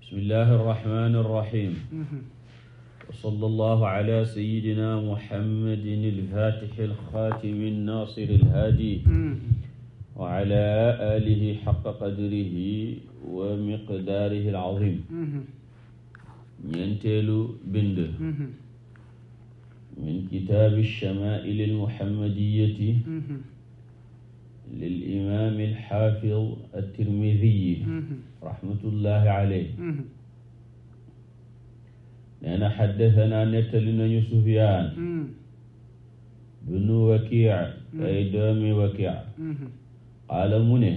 bismillahi arrahmani irrahim wa salla allahu ala sayidina muhammadin alfatixi alxaatimi annaasiri alhaadi wa ala alihi xaqa qadrihi wa miqdaarihi alazim ñeenteelu bind min kitaabi alchamaaili almuhammadiyati lilimaami alxaafid altirmidiyi raxmatullahi aleyh nee na xaddatanaa nettali nañu sufyaan bnu wakic ay doomi wakic qaala mu ne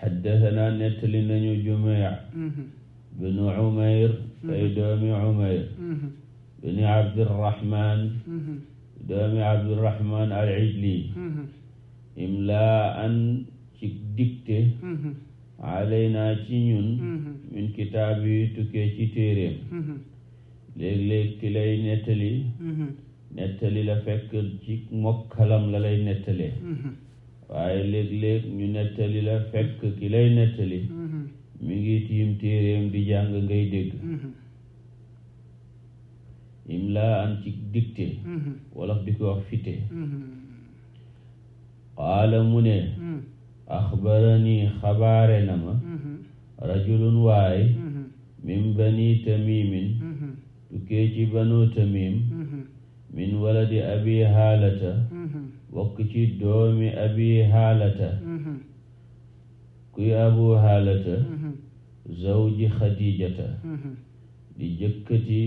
xaddatanaa nettali nañu jumeyc bnu cumair ay doomi cumair bni abdirahman doomi abdirahman al ijli imlaan ci dicté mm-hmm. alaynaa ci ñun mm-hmm. min kitaab yi tukkee ci téeréem mm-hmm. léeg-léeg ki lay nettali nettali la fekk ci mokkalam la lay nettalee waaye léeg-léeg ñu nettali la fekk ki lay nettali mi ngi tiim téeréem di jàng ngay dégg imlaan ci dicté wolof di ko wax qaala mu ne axbarani xabaare na ma rajulun waay min bani tamimin tukkee ci banu tamim min waladi abi haalata bokk ci doomi abi haalata kuy abu haalata zawji xadijata di jëkkati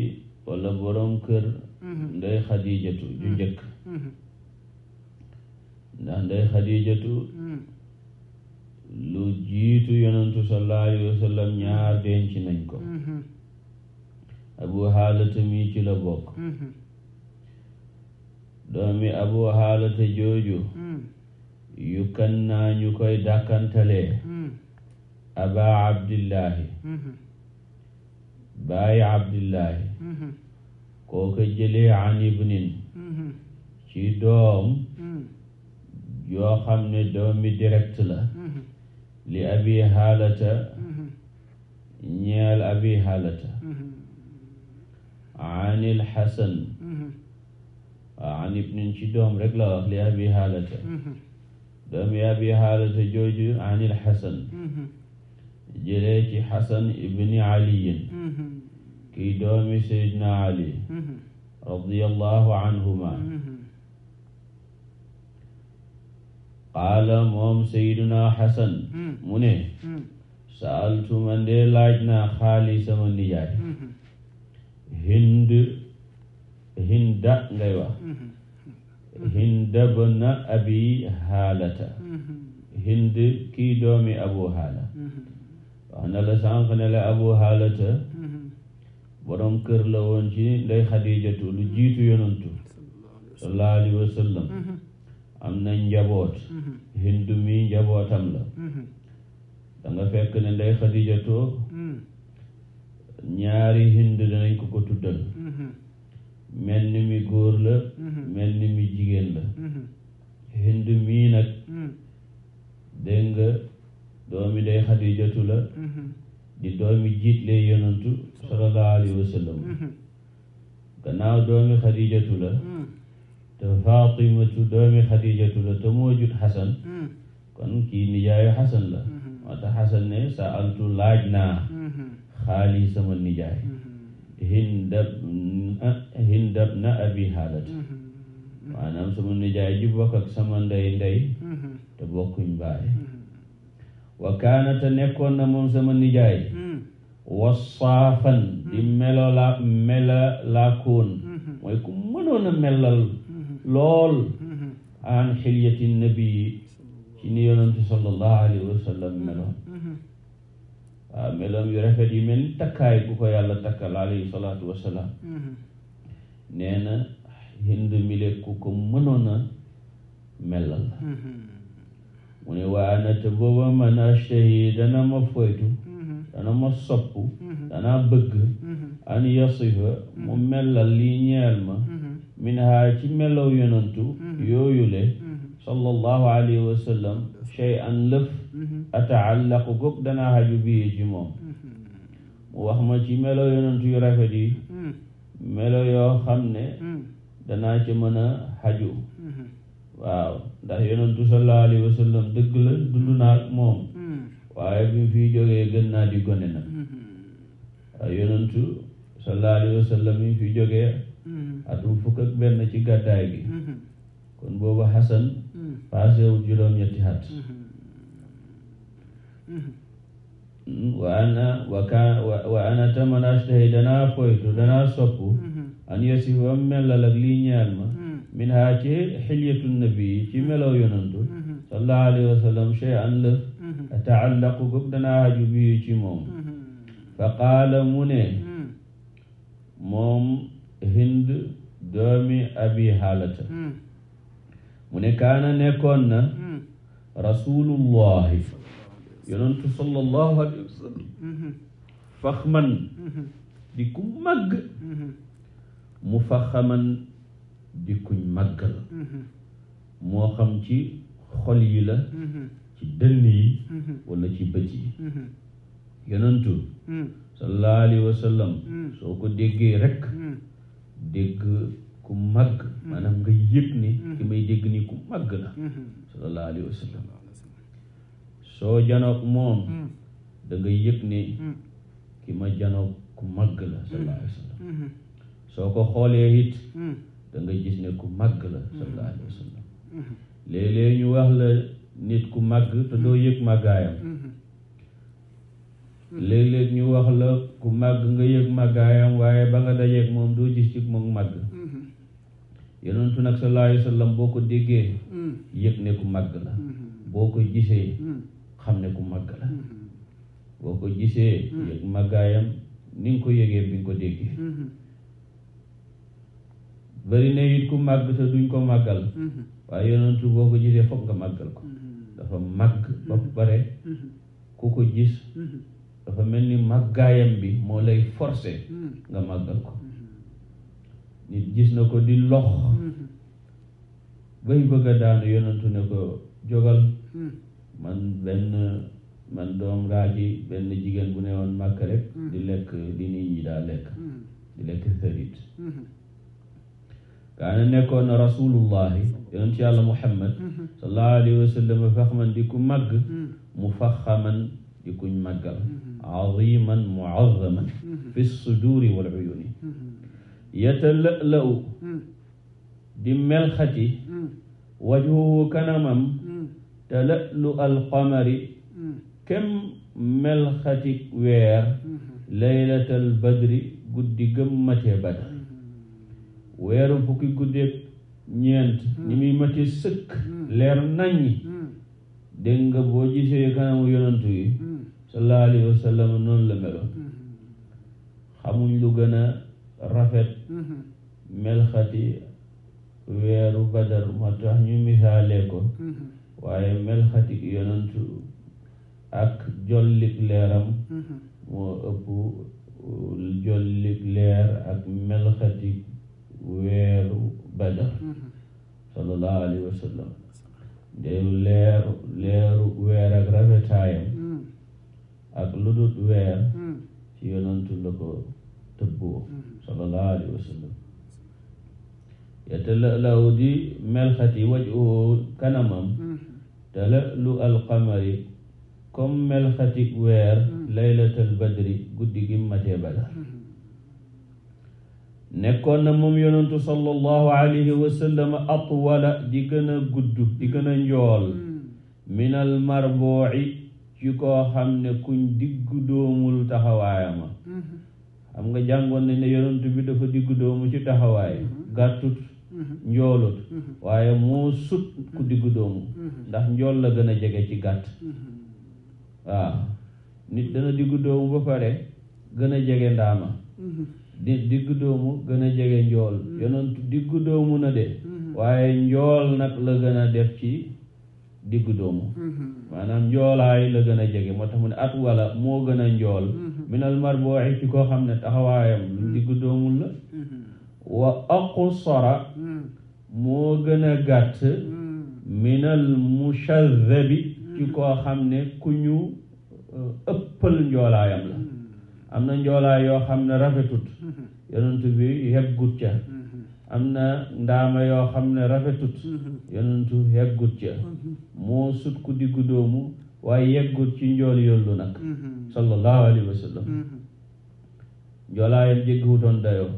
wala borom kër nday xadijatu ju ndax ndey xadijatu hmm. lu jiitu yonentu sallallahu alayhi ñaar denc nañ ko hmm. abu xaalata mi ci la bokk hmm. doomi abu xaalata jooju yu kan naa ñu koy dàkkantalee aba abdillahi baayi abdillahi koo ko jëlee an ibnin ci doom yoo xam ne doomi direct la mm-hmm. li abi xaalata mm-hmm. ñeel abi xaalata mm-hmm. anil xasan waaw an ibnin ci doom rek la wax li abi xaalata doomi abi xaalata jooju anil xasan jëlee ci xasan ibni aliyin kii doomi sayidna ali radiallahu anhuma qaala moom sayduna xasan mu ne saaltu man de laaj naa xaali sama nijaay hind hinda ngay wax hinda bna abi haalata hind kii doomi abu haala wax na la sànq ne la abu haalata borom kër la woon ci ndey xadijatu lu jiitu yonantu sallallahu alayhi wa sallam am na njaboot mm-hmm. hindu mi njabootam la mm-hmm. da nga fekk ne ndey xadijatoo mm. ñaari hindu danañ ko ko tuddal mm-hmm. mel ni mi góor la mel ni mi jigéen la hindu mii nag mm. dégg nga doomi day xadijatu la di doomi jiit yonantu sallallahu alayhi wa sallam gannaaw doomi xadijatu la mm. te Faatimatu doomi Xadiijatu la te moo jut mm. kon kii nijaayu Xasan la mm-hmm. moo tax ne sa altu laaj naa mm-hmm. xaali sama nijaay mm-hmm. hindab hindab na abi xaalat maanaam sama nijaay ji bokk ak sama ndey te bokkuñ baay wa kaanata nekkoon na moom sama nijaay mm. wasaafan di mm. melolaa laakoon mooy ku mënoon a melal lool mm-hmm. an xilyati nabii ci ni yonente sallallahu alayhi wa mm-hmm. ah, yu rafet yi mel ni takkaay bu ko yàlla takkal alayhi salaatu wa salaam mm-hmm. nee na hind mile ku man ashtahi dana ma foytu dana ma sopp dana bëgg an yasifa mu melal li ma minha ci melow yonantu mm-hmm. yooyule mm-hmm. sallallahu alayhi wa sallam mm-hmm. shay lëf ataallaqu goog danaa haju bii ci moom mu wax ma ci melo yonantu yu rafet yi melo yoo xam ne danaa ci mën a haju waaw ndax yonantu sallallahu alayhi wa sallam la dund naa ak moom waaye bi mu fiy jógee gën naa di gone nag waaw yonantu sallallahu alayhi wa mu fiy jógee atum fukk ak ci gàddaay gi mhm. kon boobu xasan mhm. paasewul juróom-ñetti at mhm. wa ana wa kaan wa danaa foytu danaa soppu an yasifu am mellal ak lii ma min haa ci xilyatu nabii ci melow yonantu sallallahu alayhi wa sallam chey an lëf ataallaqu gog danaa haju biyu ci moom fa qaala mu ne moom hind doomi abi xaalata hmm. mu ne kaana nekkoon na hmm. rasulullahi yonentu sallallahu alayhi sallam mm-hmm. faxman mm-hmm. di ku màgg mm-hmm. mu faxaman di kuñ màgg moo xam ci xol yi la ci dënn yi wala ci bët yi mm. sallallahu alayhi sallam mm. soo ko déggee rekk mm. dégg ku màgg mm-hmm. maanaam nga yëg ne mm-hmm. ki may dégg nii ku màgg la mm-hmm. soo janook moom mm. da nga yëg ne mm. ki ma janoog ku màgg la soo ko xoolee it mm. da gis ne ku màgg la sallallahu alayhi wa sallam léeg-léeg ñu wax la nit ku màgg te doo yëg màggaayam léeg-léeg ñu wax la ku màgg nga yëg màggaayam waaye ba nga dajeeg moom doo gis ci moom màgg mm-hmm. yonentu nag sallallahu alayhi wa sallam boo ko déggee mm-hmm. yëg ne ku màgg la mm-hmm. boo ko gisee xam ne ku màgg la boo ko gisee yëg màggaayam ni nga ko yëgee bi nga ko déggee bari na it ku màgg te duñ ko màggal waaye yonentu boo ko gisee foog nga màggal ko dafa màgg ba pare ku ko gis dafa mel ni màggaayam bi moo lay forcer hmm. nga màggal ko nit gis na ko di lox hmm. bay bëgg a daanu yonentu ne ko jógal hmm. man benn man doom raaji benn jigéen bu ne woon màkk rek di lekk di nit ñi daa lekk di lekk sërit kaana nekkoon na rasulullahi yonent yàlla muhammad sallallahu alayhi wa sallam faxman di ku màgg mu faxaman di kuñ màggal aziman muazaman fi suduri wal uyuni yatala'la'u di melxati wajhuhu kanamam tala'lu alqamari kem melxati weer laylatal badri guddi gëm matee badar weeru fukki guddeeg ñeent ñi muy matee sëkk leer naññi dégg nga boo gisee kanamu yonantu yi sallallahu alayhi wa noonu la meloon mm-hmm. xamuñ lu gën a rafet mm-hmm. melxati weeru badar moo tax ñu misaalee ko mm-hmm. waaye melxati yonantu ak jollik leeram moo ëpp jollik leer ak melxati weeru badar sallallahu alayhi de leeru leeru weer ak rafetaayam ak lu dut weer hmm. ci yonantu la ko tëbboo hmm. sallallahu alayhi wa sallam yetelalaw di melxati wajhu kanamam hmm. tala lu alqamari comme melxati weer laylatal badri guddi gi badar nekkoon na moom yonantu sallallahu alayhi wa di gën a di gën njool min almarbuci ci koo xam ne kuñ diggu doomul taxawaayama xam nga jàngoon nañ ne yonent bi dafa diggu doomu ci taxawaay gàttut njoolut waaye moo sut ku diggu doomu ndax njool la gën a jege ci gàtt waaw nit dana diggu doomu ba pare gën a jege ndaama di diggu doomu gën a jege njool yonent diggu doomu na de mm-hmm. waaye njool nag la gën a def ci diggu doomu mm-hmm. maanaam njoolaay la gën a jege moo tax mu ne at wala moo gën a njool mm-hmm. minal mar ci koo xam ne taxawaayam lu mm-hmm. diggu doomul la wa aqsara moo gën a gàtt minal mushadhabi ci koo xam ne ku ñu uh, ëppal njoolaayam la am na njoolaay yoo xam ne rafetut yonent bi yeggut ca am na ndaama yoo xam ne rafetut mm-hmm. yonentu yeggut ca mm-hmm. moo sut ku diggu doomu waaye yeggut ci njool yollu nag mm-hmm. sallallahu alayhi wa sallam njoolaayam jéggiwutoon dayoo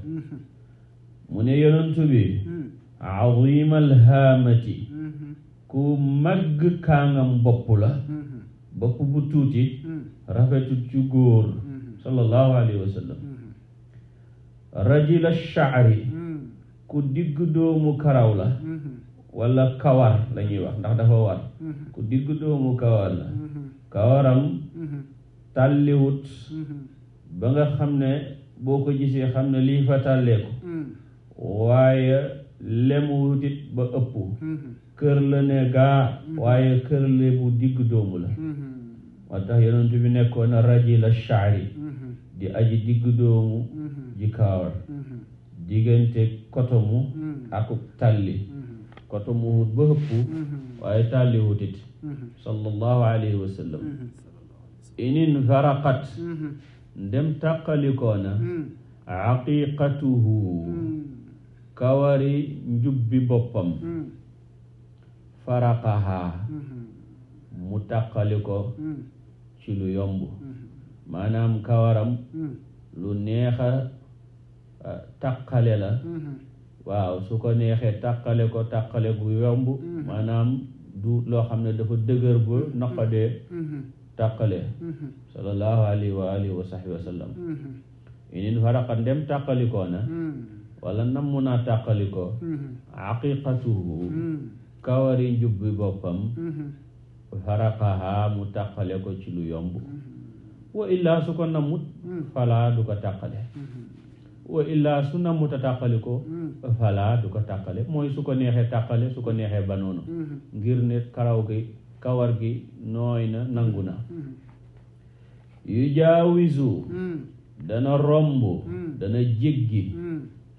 mu ne yonentu bi azimal haamati ku màgg kaangam bopp la bopp bu tuuti rafetut ci góor sallallahu alayhi wa ku digg doomu karaw la mm-hmm. wala kawar la ñuy wax ndax dafa war mm-hmm. ku digg doomu kawar la mm-hmm. kawaram tàlliwut ba nga xam ne boo ko gisee xam ne lii fa tàlleeku mm. waaye lemuwutit ba ëpp kër la ne gaa waaye kër la bu digg doomu la moo tax yonent bi nekkoon na rajil la shaari di aji digg doomu ji kawar diggante kotomu mm-hmm. akub tàlli mm-hmm. kotomu wut ba hëpp mm-hmm. waaye tàlli wutit sallallahu alayhi wa sallam inin faraqat ndem tàqalikoona aqiqatuhu kawari njubbi boppam faraqaha mu tàqaliko ci lu yomb maanaam kawaram lu neexa taqale la mm-hmm. waaw su ko neexee taqale ko taqale bu yomb mm-hmm. maanaam du loo xam ne dafa dëgër bu naqadee mm-hmm. taqale sallallahu alayhi wa alihi wa sahbi wa sallam inin faraqa ndem tàqalikoo na wala nam mu naa tàqalikoo aqiqatuhu kawari njubbi boppam faraqaha mu tàqale ko ci lu yomb wa illaa su ko namut falaa du ko tàqale wa illaa su namu ta tàqale ko mm. du ko tàqale mooy su ko neexee tàqale su ko neexee ba noonu mm-hmm. ngir ne karaw gi kawar gi nooy na nangu na mm-hmm. yu jaawisu mm. dana romb mm. dana jéggi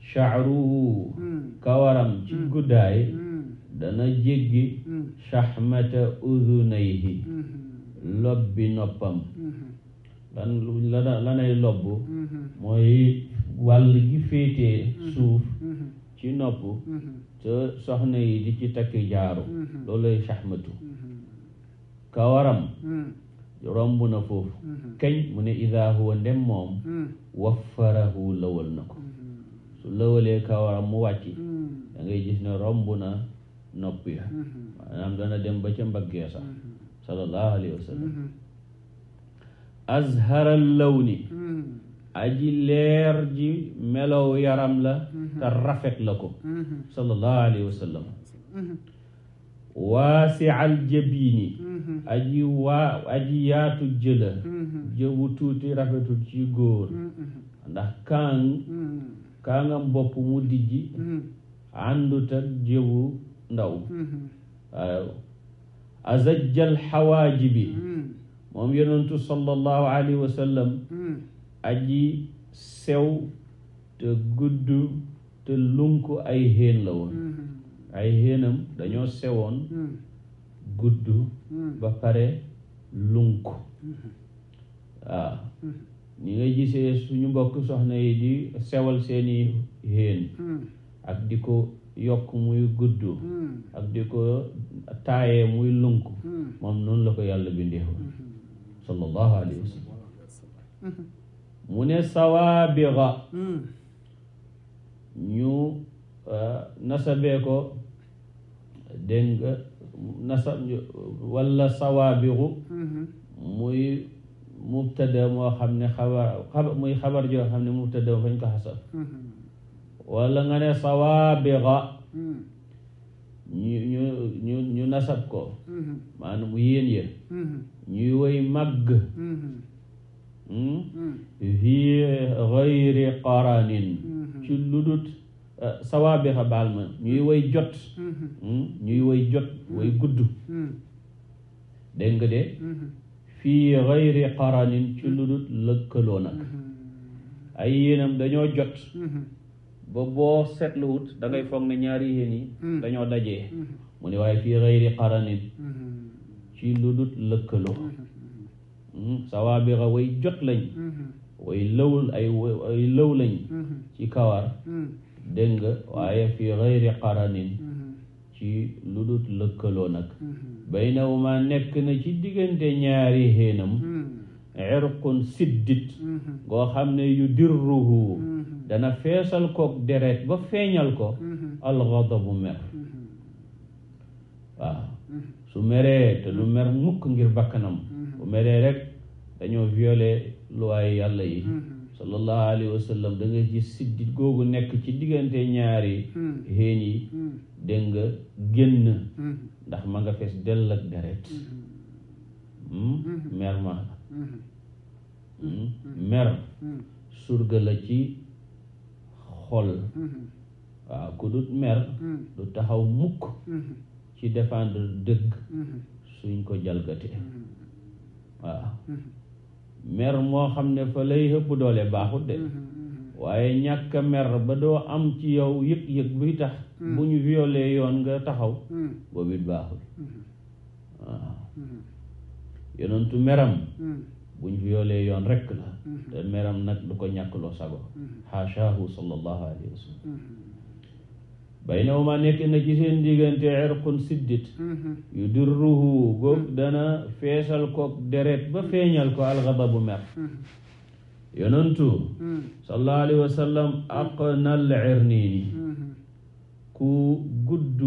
sha'ruhu kawaram ci guddaay dana jéggi shahmata udunayhi mm-hmm. lobbi noppam lan lanay lobb mooy wàll gi féetee mm-hmm. suuf mm-hmm. ci nopp te mm-hmm. soxna yi di ci takki jaaru loolay saxmatu kawaram romb na foofu kañ mu ne ida huwa ndem moom waffarahu lawal na ko su lawalee kawaram mu wàcc da gis ne romb na nopp ya maanaam dana dem ba ca mbaggee sax sallallahu alayhi wa sallam azharal lawni aji leer ji melow yaram la mhm. tar rafet la ko mhm. sallallahu alayhi wa sallam mhm. waasi al aji yaatu jëla jëbu tuuti rafetu ci góor ndax kaang kaangam bopp mu dijji àndut ak jëbu ndaw waaw azajjal xawaaji bi moom yonentu sallallahu alayhi wa aji sew te gudd te lunk ay xéen la woon mm-hmm. ay xéenam dañoo sewoon mm-hmm. gudd mm-hmm. ba pare lunk waaw ah. ni nga gisee suñu mbokk soxna yi di sewal seeni xéen ak di ko yokk muy gudd ak di ko taayee muy lunk moom noonu la ko yàlla bindee woon sallallahu alayhi wa mu ne sawaabiga hmm. ñu euh, nasabee ko dégg nasab walla sawaabigu hmm. muy mubtada moo xam ne xabar muy xabar joo xam ne mubtada fañ ko xasab hmm. walla nga ne sawaabiga ñu ñu ñu ñu nasab ko maanaam mu yéen yéen ñuy woy màgg fi hmm? gayri qaranin hmm. ci ludut eh, sawaabixa baal ma ñuy woy jot hmm. ñuy woy jot woy gudd dégg de fii gayri qaranin ci ludut lëkkaloo nag ay yéenam dañoo jot ba boo seetluwut da ngay foog ne ñaari yéen yi dañoo dajee mu ne waaye fii gayri qaranin ci ludut lëkkaloo Hmm? sawaabixa way jot lañ hmm. way lawul ay lëw lañ hmm. ci kawar dégg nga waaye fi xayri qaranin ci lu dut lëkkaloo nag baynahuma nekk na ci diggante ñaari xéenam irqun siddit goo xam ne yu dirruhu dana feesal kook deret ba feeñal ko alxadabu mer waaw su meree te du mer mukk ngir bakkanam bu meree rek dañoo violer luwaay yàlla yi mm-hmm. sallallahu alayhi wa sallam da gis siddit googu nekk ci diggante ñaari mm-hmm. xéen yi mm-hmm. dégg nga génn ndax ma nga fees dell ak deret hmm? mer ma hmm? mer surga la ci xol waaw ku dut mer du taxaw mukk ci défendre dëgg suñ ko jalgate waaw mm-hmm. mer moo xam ne fa lay ëpp doole baaxut de mm-hmm, mm-hmm. waaye ñàkk a mer ba doo am ci yow yëg-yëg buy tax mm. bu ñu violé yoon nga taxaw mm. boobu it baaxul waaw yonentu meram mm. bu ñu violé yoon rekk la te meram nag du ko ñàkk loo sago xaashaahu sallallahu alayhi wa sallam baynahuma nekk na ci seen diggante irqun siddit mm-hmm. yu dirruhu góog mm-hmm. dana feesal ko deret ba feeñal ko alxadabu mer mm-hmm. yonantu sallallahu alayhi wa sallam aqnal irniini uh, ku gudd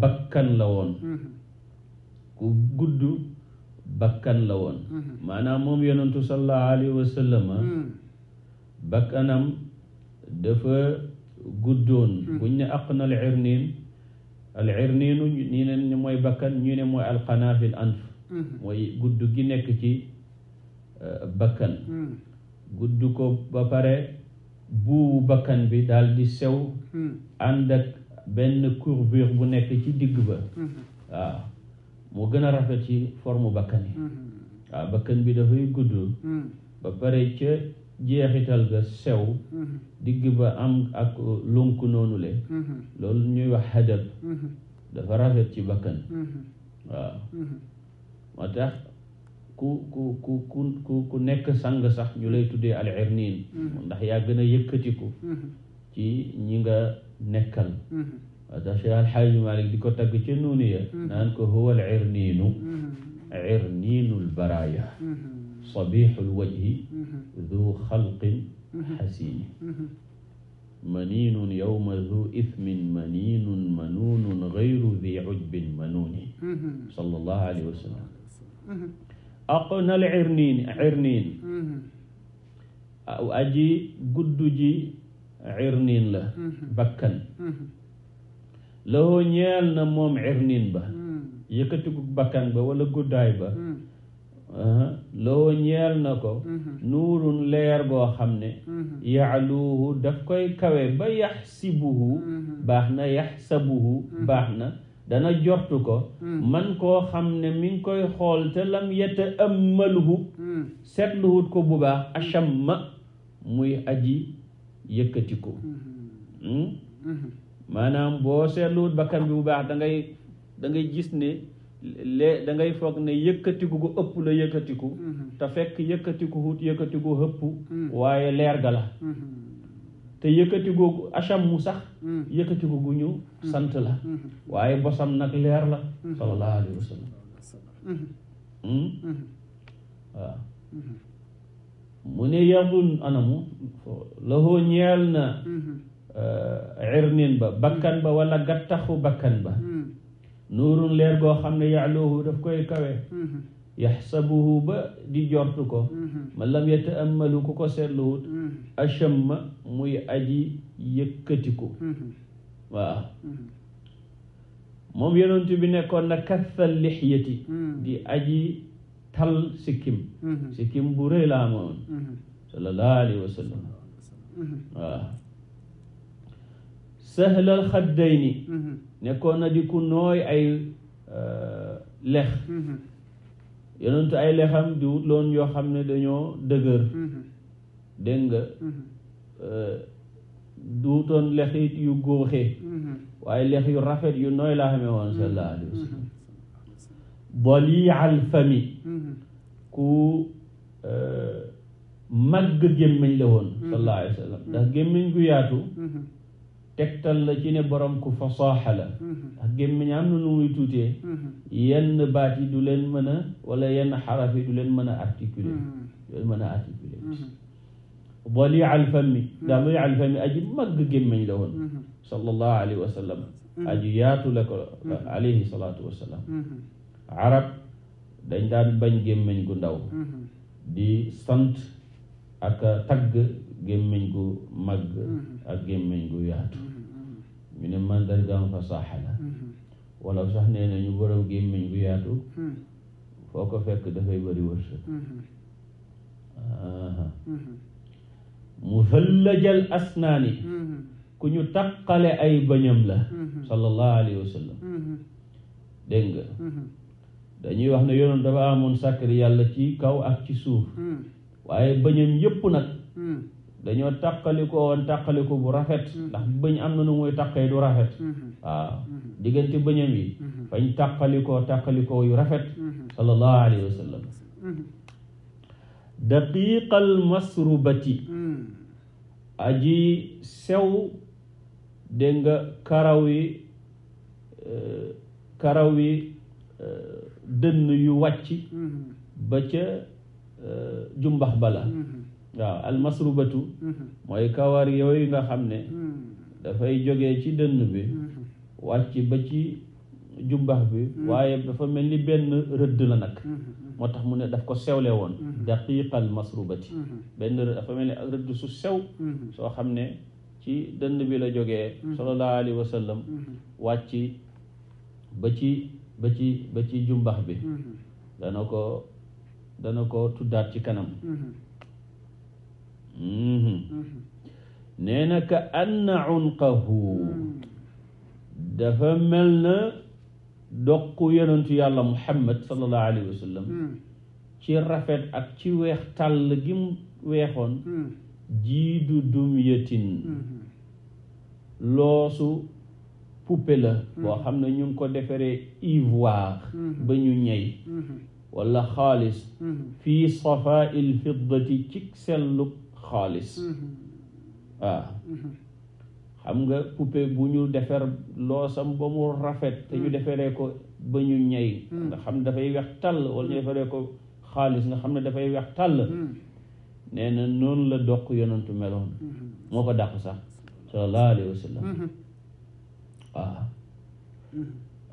bakkan la woon ku gudd bakkan la woon maanaam moom yonantu sallallahu alayhi wa bakkanam dafa guddoon hmm. buñ ne àq na al irniin al irniinu ñii mooy bakkan ñu ne mooy alqanaafil anf hmm. gudd gi nekk ci euh, bakkan hmm. gudd ko ba pare bu bakkan bi daal di sew ànd ak benn courbure bu nekk ci digg ba moo gën a rafet ci forme bakkan bi dafay gudd ba pare ca jeexital ga sew mm-hmm. digg ba am ak lunk noonu le mm-hmm. loolu ñuy wax hadab mm-hmm. dafa rafet ci bakkan waaw moo ku ku ku ku ku nekk sang sax ñu lay tuddee al irnin ndax yaa gën a yëkkatiku ci ñi nga nekkal moo tax Cheikh Al di ko tagg ca nuuni ya naan ko huwa al irninu irninul sabixul wajhi du xalqin xasiini maniinun yowma du ithmin maniinun manuunun gayru di ujbin manuuni sallallahu alayhi wa sallam aqnal irniin irniin aji gudd ji irniin la bakkan lahoo ñeel na moom irniin ba yëkkatiku bakkan ba wala guddaay ba Uh-huh. loo ñeel na ko mm-hmm. nuurun leer boo xam ne mm-hmm. yaaluuhu daf koy kawe ba yax yaxsibuhu mm-hmm. baax na yaxsabuhu baax na dana jortu ko man koo xam ne mi ngi koy xool te lam yeta ëmmaluhu seetluwut ko bu baax achamma muy aji yëkkatiku hmm? maanaam boo seetluwut bakkan bi bu baax da ngay gis ne lée da foog ne yëkkatiku gu ëpp la yëkkatiku mm-hmm. te fekk yëkkatiku hut yëkkatiku hëpp mm-hmm. waaye leer ga la mm-hmm. te yëkkatigoogu acham mu sax yëkkatiku gu ñu sant la waaye bosam nag leer la sallallahu alayhi hmm? mu ne yadun anamu lahoo ñeel na uh, irnin ba bakkan ba wala gattaxu bakkan ba nuurun leer goo xam ne yaaluhu daf koy kawe mm-hmm. yaxsabuhu ba di jortu ko mm-hmm. man lam yataammalu ku ko seetluwut mm-hmm. achamma muy aji yëkkatiku waaw moom yonent bi nekkoon na kathal lixyati di aji tal sikkim sikkim bu rëy laa moon sallallahu alayhi wa sallam nekkoon na di ku nooy ay euh, lex mm-hmm. yonentu ay lexam di loon yoo xam ne dañoo dëgër mm-hmm. dégg nga mm-hmm. euh, du wutoon lexit yu góoxee waaye lex yu rafet yu nooy laa xamee woon sallallahu alayhi wa sallam boli al fami ku euh, màgg gémmiñ la woon sallallahu alayhi wa sallam ndax gémmiñ gu tegtal la ci ne borom ku fasaaxa la mm-hmm. ak gémmiñam na nu muy tuutee mm-hmm. yenn baat yi du leen mën a walla yenn xaraf yi du leen mën a articuler mm-hmm. du leen mën a articuler dali alfami dali alfami aji màgg gémmiñ la woon sallallahu yaatu la ko alayhi salaatu wa arab dañ daan bañ gémmiñ gu ndaw di sant ak tagg gémmiñ gu màgg ak gémmiñ gu yaatu ñu ne mandargaam fasaaxa la mm-hmm. wala sax nee na ñu borom gémmiñ bu yaatu mm-hmm. foo ko fekk dafay bëri wërsëg mm-hmm. mu fëllëjal asnaani ku ñu taqale ay bañam la sallallahu alayhi wa sallam dañuy wax ne yonoon dafa amoon sàkkari yàlla ci kaw ak ci suuf waaye bañam yépp nag dañoo tàqalikoo woon tàqaliko bu rafet mm-hmm. ndax bëñ am na nu muy tàqee du rafet mm-hmm. waaw mm-hmm. diggante bëñam yi fañ tàqalikoo tàqalikoo yu rafet sallallahu alayhi wa sallam daqiqal masrubati aji sew de nga karaw yi euh, euh, dënn yu wàcc ba ca euh, jumbax bala waaw almasrubatu mooy kawar yooyu nga xam ne dafay jóge ci dënn bi wàcc ba ci jumbax bi waaye dafa mel ni benn rëdd la nag moo tax mu ne daf ko sewle woon daqiqal masrubati benn rëdd dafa mel ni rëdd su sew soo xam ne ci dënn bi la jóge solo alayhi wa sallam wàcc ba ci ba ci ba ci jumbax bi dana ko dana ko tuddaat ci kanam nee na ka anna unqahu dafa mel na doqu yonentu yàlla muhammad sallallahu alayhi wa ci rafet ak ci weex tàll gi mu weexoon jiidu dumyatin loosu poupée la loo xam ne ñu ko defaree ivoire ba ñu ñey wala xaalis fii safaa il ci selluk xaalis waaw mm-hmm. ah. mm-hmm. xam nga poupée bu ñu defar loosam ba mu rafet te ñu mm. defaree ko ba ñu ñey mm. nga xam ne dafay wex tàll wala ñu mm. defaree ko xaalis nga xam ne dafay wex tàll nee na noonu la doq yonantu meloon mm-hmm. moo ko dàq sax sallallahu alayhi wa sallam waaw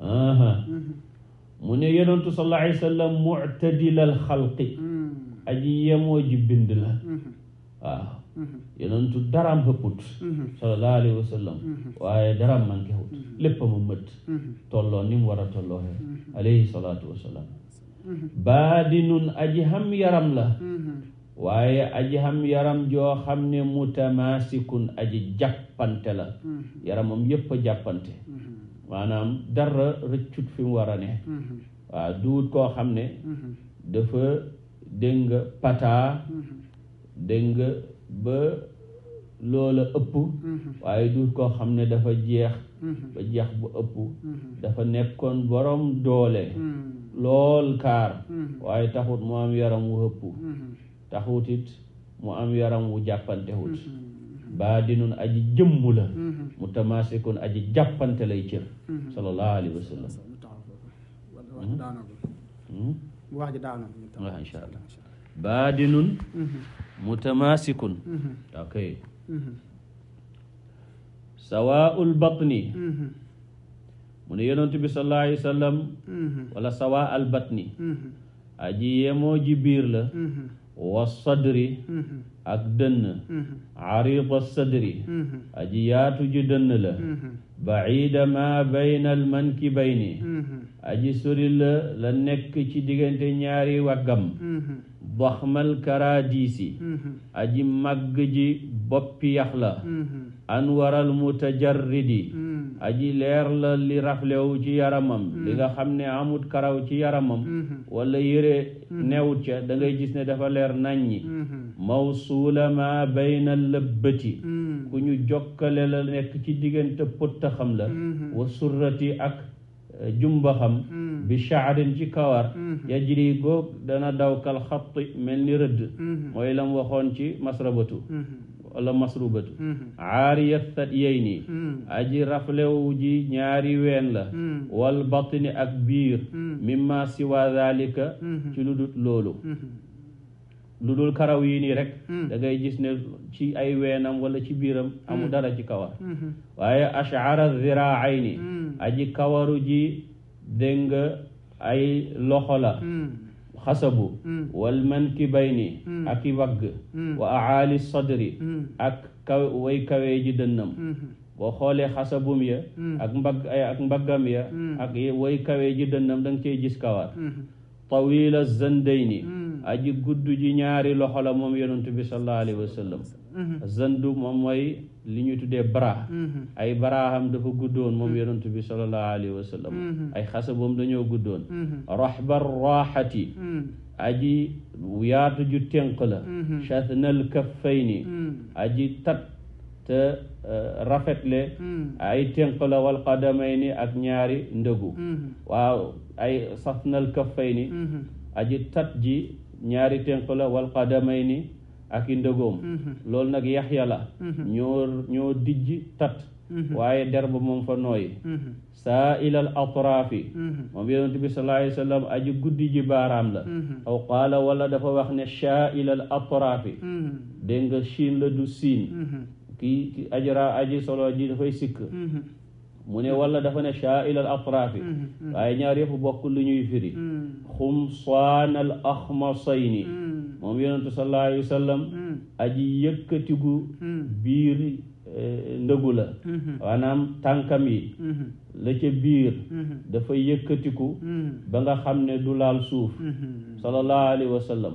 ah. mu ne yonantu sallallahu alayhi wa sallam mu'tadilal xalqi aji yemoo ji bind la waaw mhm. yonentu daraam xëpput mhm. sallallahu alayhi wa sallam mhm. waaye daraam manquéwut lépp a mët tolloo ni mu war a tollooxee alayhi salaatu wa baadinun aji xam yaram la waaye aji xam yaram joo xam ne mutamasikun aji jàppante la yaramam yépp a jàppante maanaam dara rëccut fi mu war a ne waaw duut koo xam ne dafa dégg pataa dégg nga ba loola ëpp mm-hmm. waaye dul koo xam ne dafa jeex mm-hmm. ba jeex bu ëpp mm-hmm. dafa nekkoon boroom doole lool kaar waaye taxut mu am yaram wu ëpp taxutit mu am yaram wu jàppantewut baadinun aji jëmm la mutamasikun aji jàppante lay cër sallallahu alayhi wa baadinun mm-hmm. mutamasikun mm-hmm. ok mm-hmm. sawaa'ul batni mu ne yonent bi sallallahu alayhi wa sallam wala sawa al batni aji yemoo ji biir la wa sadri ak dënn arida sadri aji yaatu ji dënn la baida ma ki almankibayni mm-hmm. aji sori la la nekk ci diggante ñaari waggam daxmal mm-hmm. karadiisi mm-hmm. aji màgg ji boppi yax la anwaral mutajarridi mm. aji leer la li raflewu ci yaramam mm. li nga xam ne amut karaw ci yaramam mm-hmm. wala yére mm-hmm. newut ca da gis ne dafa leer naññi mm-hmm. mawsuula ma bayna lëbbati mm. ku ñu jokkale la nekk ci diggante pottaxam la wa surrati ak eh, jumbaxam bi shaarin ci kawar yajri góog dana dawkal xatti mel ni rëdd mooy lam waxoon ci masrabatu wala masrubatu mm-hmm. aariyat tat mm-hmm. aji raflew ji ñaari ween la mm-hmm. wal batni ak biir mimma siwa zalika ci lu dut loolu lu dul yi nii rek da ngay gis ne ci ay weenam wala ci biiram amu dara ci kawar waaye ashara ziraayni aji kawaru ji dégg nga ay loxo la xasabu mm. wal mankibayni mm. ak i wagg mm. wa aali sadri ak kaw way kawee ji dënnam mm-hmm. boo xoolee xasabum ya ak mbagg ak mbaggam ya ak way kawee ji dënnam da nga cey gis kawar mm-hmm. tawila zandayni aji gudd ji ñaari loxo la moom yonentu bi sallallahu alayhi wa sallam Mhm. zandu moom mooy li ñuy tuddee bara mhm. ay baraaham dafa guddoon moom mhm. yonent bi sallallahu alayhi wa sallam ay xasabam dañoo guddoon rahbar raaxati aji yaatu ju tënk la chathnal kaffayni aji tat te eh, rafetle ay tënk la ak ñaari ndëgu waaw ay sathnal kaffayni aji tat ji ñaari tënk la ak i ndëgoom mhm. loolu nag yaxya la mhm. ñoo ñoo dijj tat mhm. waaye der ba moom fa nooy saa ilal atraafi moom yonent bi sallallahu alayhi wa guddi ji baaraam la aw qaala wala dafa wax ne shaa ilal atraafi dégg nga la du siin kii aji raa solo ji dafay sikk mu ne wala dafa ne shaail al atraafi mm-hmm, mm-hmm. waaye ñaar yëpp bokk lu ñuy firi mm. xumsaan al axmasayni mm. moom yonentu sallallahu alayhi wa sallam mm. aji yëkkatigu biir eh, ndëgu la mm-hmm. maanaam tànkam yi la ca biir dafa yëkkatiku ba nga xam ne du laal suuf sallallahu alayhi wa sallam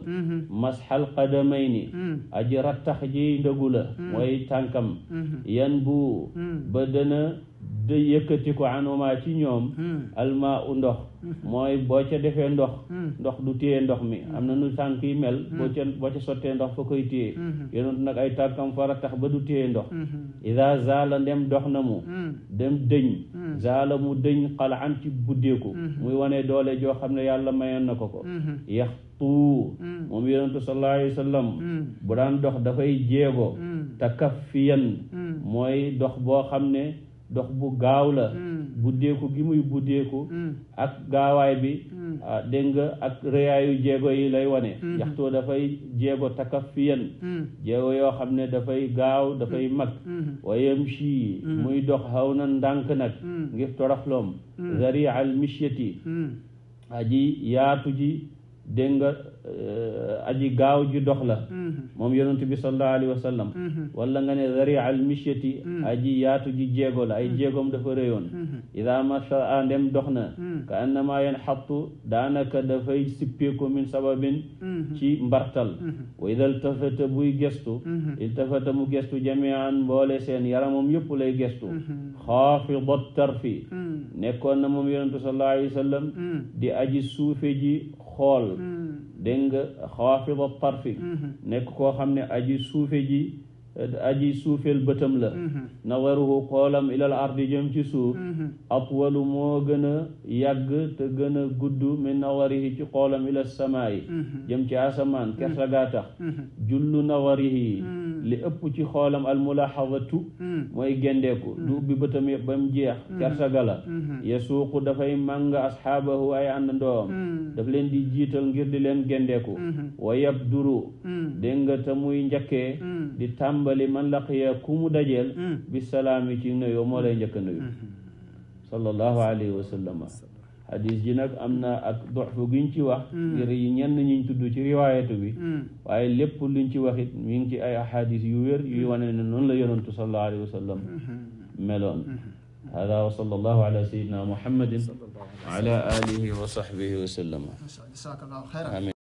masxal qadamayni aji rattax ji ndëgu la mooy tànkam yan bu ba dana day yëkkati ko anuma ci ñoom hmm. almaa u ndox hmm. mooy boo ca defee ndox hmm. ndox du téye ndox mi am na nu tànk yi mel boo ca boo ca sottee ndox fa koy téye yonentu nag ay tànkam fara tax ba du téye ndox ida zaala ndem dox na mu dem dëñ zaala mu dëñ xalaan ci buddeeku muy wanee doole joo xam ne yàlla mayoon na ko ko yax tuu moom yonentu sallallahu alayhi wa bu daan dox dafay jéego takaffiyan mooy dox boo xam ne dox bu gaaw la hmm. buddeeku gi muy buddeeku hmm. ak gaawaay bi hmm. ah, dégg nga ak rëyaayu jéego yi lay wane yaxtoo dafay jéego takaffiyan jéego yoo xam ne dafay gaaw dafay mag wayam shi muy dox xaw na ndànk nag ngir toroxloom zari al mishyati aji yaatu ji dégg nga euh, aji gaaw ju dox la mm-hmm. moom yonent bi sallallahu alayhi wa sallam mm-hmm. wala nga ne mm-hmm. aji yaatu ji jéego la ay jéegoom dafa réyoon ida masha a ndem dox na ka annama yen daanaka dafay sippeeku min sababin ci mbartal wa ida iltafata buy gestu iltafata mu gestu jamian mboole seen yaramam yëpp lay gestu xaafidat tarfi nekkoon moom yonent bi alayhi wa di aji suufe xool mm. dégg nga xaafida tarfi mm-hmm. nekk koo xam ne aji suufe ji aji suufel bëtam la mm-hmm. nazaruhu xoolam ilal ardi jëm ci suuf mm-hmm. atwalu moo gën a yàgg te gën a gudd min nazarihi ci xoolam ila samaayi jëm ci asamaan kerta gaa tax jullu nazarihi li hmm. ëpp ci xoolam almulaxadatu hmm. mooy gendeeku hmm. du ubbi bëtam ba mu jeex kersaga la yasuuqu dafay màng asxaabahu ay àndandoom daf leen di jiital ngir di leen gendeeku wa yabduru dégg nga te muy njëkkee di tàmbali man laqiya ku mu dajeel bi salaami ci nuyoo moo lay njëkk a nuyu sallallahu wa sallam hadis ji nag am na ak doxfu giñ ci wax hmm. ngir yi ñenn ñuñ tudd ci riwaayatu bi hmm. waaye lépp luñ ci waxit mi ngi ci ay ahadis yu wér yuy wane ne noonu la yonantu sallallahu alayhi wa sallam hmm. meloon hada wa sallallahu ala sayyidina muhammadin wa ala alihi wa sahbihi wa sallama amin